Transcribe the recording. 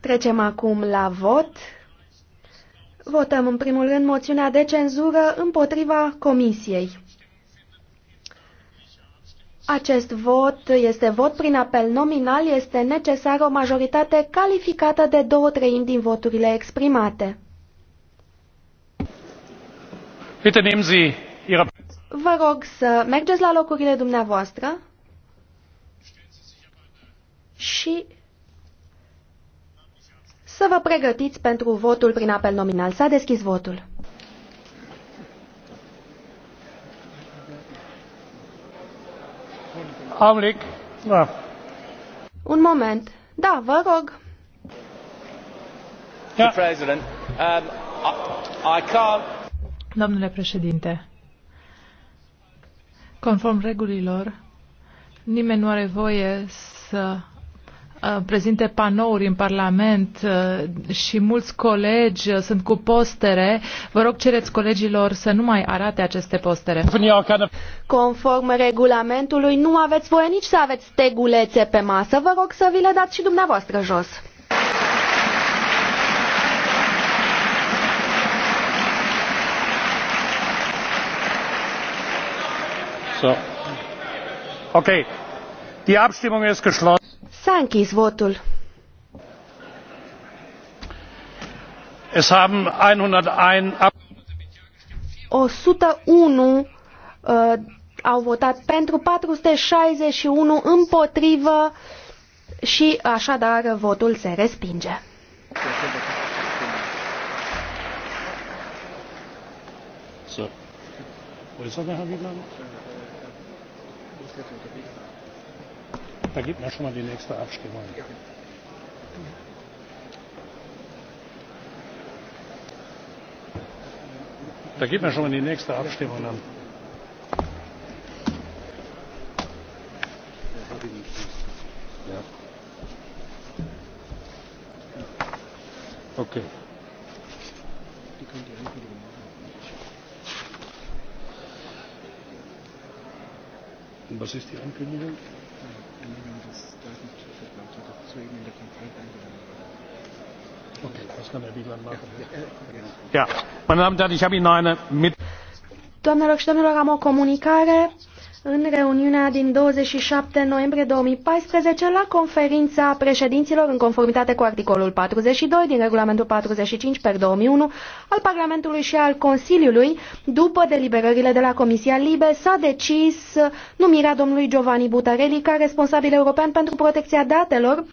Trecem acum la vot. Votăm în primul rând moțiunea de cenzură împotriva Comisiei. Acest vot este vot prin apel nominal, este necesară o majoritate calificată de două treimi din voturile exprimate. Vă rog să mergeți la locurile dumneavoastră și să vă pregătiți pentru votul prin apel nominal. S-a deschis votul. Amlic, da. Un moment. Da, vă rog. Da. Um, Domnule președinte, conform regulilor, nimeni nu are voie să Uh, prezinte panouri în Parlament uh, și mulți colegi uh, sunt cu postere. Vă rog, cereți colegilor să nu mai arate aceste postere. Conform regulamentului, nu aveți voie nici să aveți stegulețe pe masă. Vă rog să vi le dați și dumneavoastră jos. So. Ok. Die Abstimmung ist geschlossen închis votul. Es haben 101 uh, au votat pentru 461 împotrivă și așadar votul se respinge. So. Wo ist er, da gibt man schon mal die nächste Abstimmung. Ja. Da gibt man schon mal die nächste Abstimmung an. Okay. Die können die Ankündigung machen. Was ist die Ankündigung? Okay, das kann Herr machen. Ja, meine Damen und Herren, ich habe Ihnen eine mit. Doamnelor și domnilor, am o comunicare în reuniunea din 27 noiembrie 2014 la conferința președinților în conformitate cu articolul 42 din regulamentul 45 per 2001 al Parlamentului și al Consiliului, după deliberările de la Comisia Libe, s-a decis numirea domnului Giovanni Butarelli ca responsabil european pentru protecția datelor